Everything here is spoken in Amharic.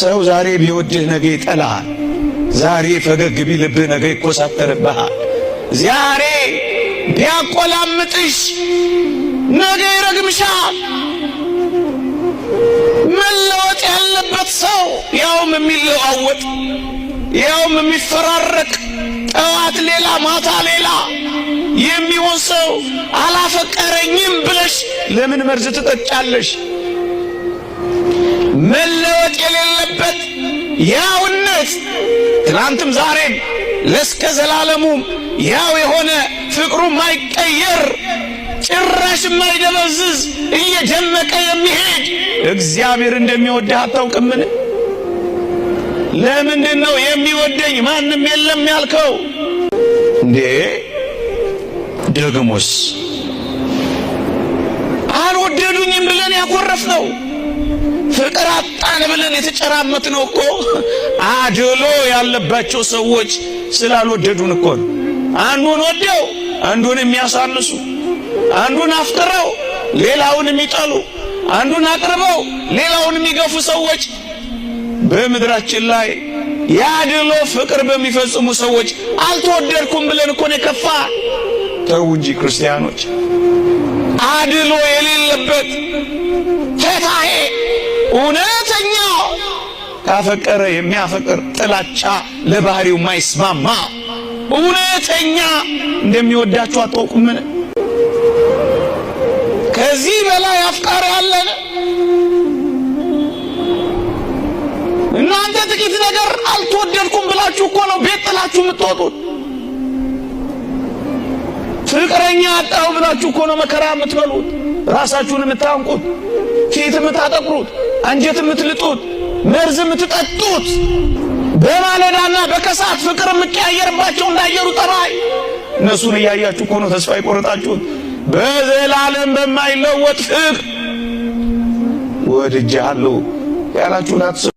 ሰው ዛሬ ቢወድህ ነገ ይጠላሃል። ዛሬ ፈገግ ቢልብህ ነገ ይኮሳተርብሃል። ዛሬ ቢያቆላምጥሽ ነገ ይረግምሻል። መለወጥ ያለበት ሰው ያውም የሚለዋወጥ ያውም የሚፈራረቅ ጠዋት ሌላ ማታ ሌላ የሚሆን ሰው አላፈቀረኝም ብለሽ ለምን መርዝ ትጠጫለሽ? መለወጥ የሌለበት ያውነት ትናንትም ዛሬም ለእስከ ዘላለሙ ያው የሆነ ፍቅሩ ማይቀየር ጭራሽ ማይደበዝዝ እየደመቀ የሚሄድ እግዚአብሔር እንደሚወድህ አታውቅምን? ለምንድን ነው የሚወደኝ ማንም የለም ያልከው? እንዴ ደግሞስ አልወደዱኝም ብለን ያኮረፍ ነው። ተጠራጣን ብለን የተጨራመት ነው እኮ አድሎ ያለባቸው ሰዎች ስላልወደዱን እኮ ነው። አንዱን ወደው አንዱን የሚያሳንሱ፣ አንዱን አፍቅረው ሌላውን የሚጠሉ፣ አንዱን አቅርበው ሌላውን የሚገፉ ሰዎች በምድራችን ላይ ያድሎ ፍቅር በሚፈጽሙ ሰዎች አልተወደድኩም ብለን እኮ ነው የከፋ። ተው እንጂ ክርስቲያኖች አድሎ የሌለበት እውነተኛ ካፈቀረ የሚያፈቅር ጥላቻ ለባህሪው ማይስማማ እውነተኛ እንደሚወዳችሁ አታውቁምን? ከዚህ በላይ አፍቃሪ አለን? እናንተ ጥቂት ነገር አልተወደድኩም ብላችሁ እኮ ነው ቤት ጥላችሁ የምትወጡት። ፍቅረኛ አጣው ብላችሁ እኮ ነው መከራ የምትበሉት። ራሳችሁን የምታንቁት፣ ፊት የምታጠቁሩት፣ አንጀት የምትልጡት፣ መርዝ የምትጠጡት፣ በማለዳና በከሰዓት ፍቅር የምቀያየርባቸው እንዳየሩ ጠባይ እነሱን እያያችሁ እኮ ነው ተስፋ የቆረጣችሁት። በዘላለም በማይለወጥ ፍቅር ወድጄሃለሁ ናት።